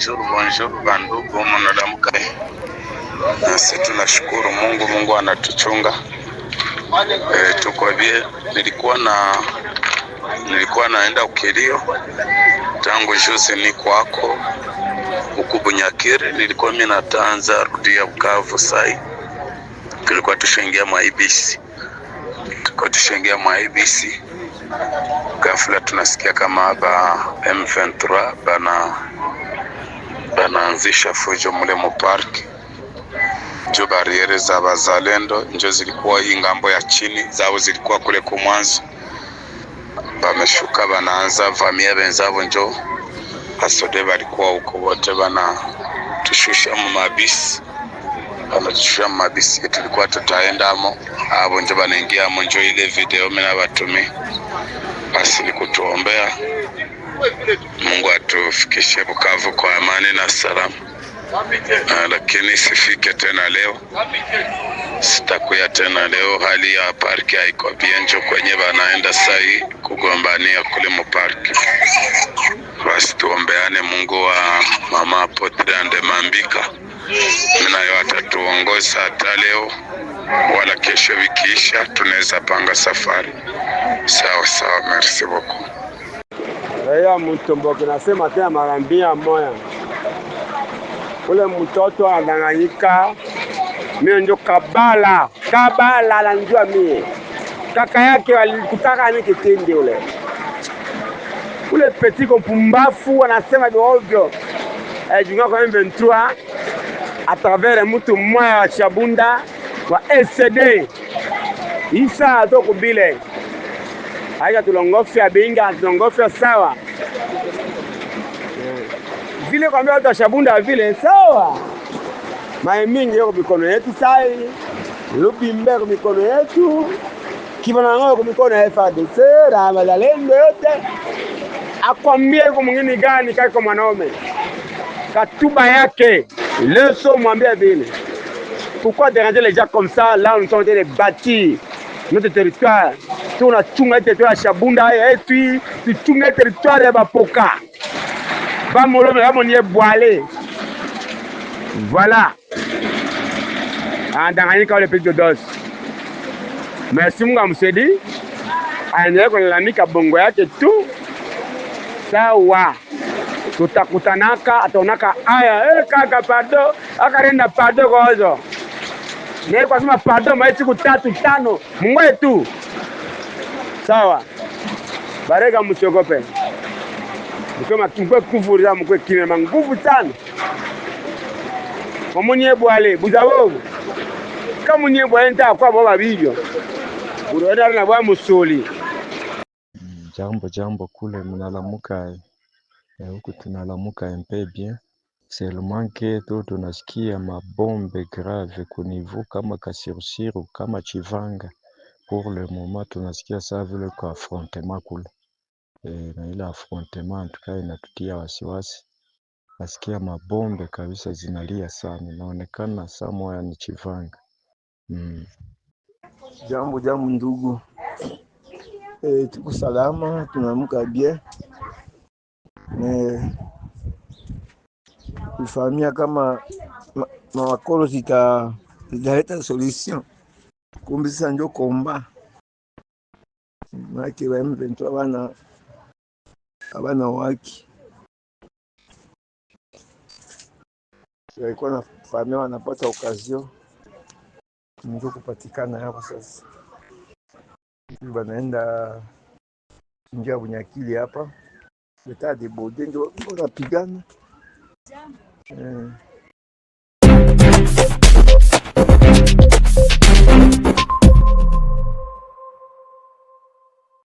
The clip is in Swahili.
Bonjour, bonjour bandugu mwanadamuka, nasi tunashukuru Mungu. Mungu anatuchunga e, tuko Nilikuwa na nilikuwa naenda ukilio tangu juzi, ni kwako huku Bunyakiri. Nilikuwa mimi natanza rudia Bukavu sai, tulikuwa tushaingia maibisi tulikuwa tushaingia maibisi Ghafla tunasikia kama ba M23 bana anaanzisha fujo mule muparki juu bariere za bazalendo njo zilikuwa hii ngambo ya chini zao zilikuwa kule kumwanzo, bameshuka banaanza vamia benzavo, njo asode balikuwa huko wote banatushusha mu mabisi, banatushusha mu mabisi tulikuwa tutaendamo, abo njo banaingiamo, njo ile video mina batumi basi ni kutuombea Mungu atufikishe Bukavu kwa amani na salama, ah, lakini sifike tena leo, sitakuya tena leo. Hali ya parki haiko bienjo kwenye banaenda sahi kugombania kule parki. Basi tuombeane Mungu wa mama Apotre Andemambika minayo atatuongoza hata leo wala kesho, vikiisha tunaweza panga safari. Sawa sawa, merci beaucoup hiyo mtomboki nasema tena mara mbia moya, ule mtoto anang'anyika. Mie njo kabala kabala ananjua mie kaka yake walikutaka ni kitindi ule ule petiko pumbafu anasema ovyo e, junga kwa M23 a travers mtu mmoya wa Shabunda wa sd Isa atokubile aika tulongofya Binga, tulongofya sawa vile kwambia watu washabunda vile sawa, mae mingi yoko mikono yetu sai lubimbe mbeko mikono yetu kivanang'oo kumikono ya FARDC na mazalendo yote. Akwambie yuko mwingine gani kako mwanaume katuba yake leso mwambia vile pourquoi déranger les gens comme ça là nous sommes en train de bâtir notre territoire tunachunga territoire ya shabunda etui tuchunge territoire ya bapoka bamolome bamoni ebwale voilà andanganyika ole prise de dose ah, eh, ah, mais simunga musedi aendelee kulalamika bongo yake tu sawa tutakutanaka ataonaka aya e, kaka pado akarenda pado kozo nekwasema pado maesiku tatu tano mungwetu sawa. Barega, msiogope, mkwe kufuri sana, mkwe kimya, manguvu sana mwamunye bwale buzabobu kamunye bwale nta kwabo babivyo uroendana na bwa musuli jambo jambo kule mnalamuka eh, huku tunalamuka mpe bien eh. seulement ke tu tunasikia mabombe grave kunivu kama kasirusiru kama chivanga pour le moment tunasikia saa vile kwa affrontement kule e, na ile affrontement en tout cas inatutia wasiwasi. Nasikia mabombe kabisa zinalia sana, inaonekana saa moya ni Chivanga. mm. Jambo jambo ndugu e, tuko salama, tunaamka bien ne kufahamia kama mawakolo ma zitaleta solution kumbisa njokomba manake baembe ntu abana abana waki walikuwa na famia wanapata okazio njo kupatikana yako sasa, banaenda njia Bunyakili hapa eta debode njo napigana eh.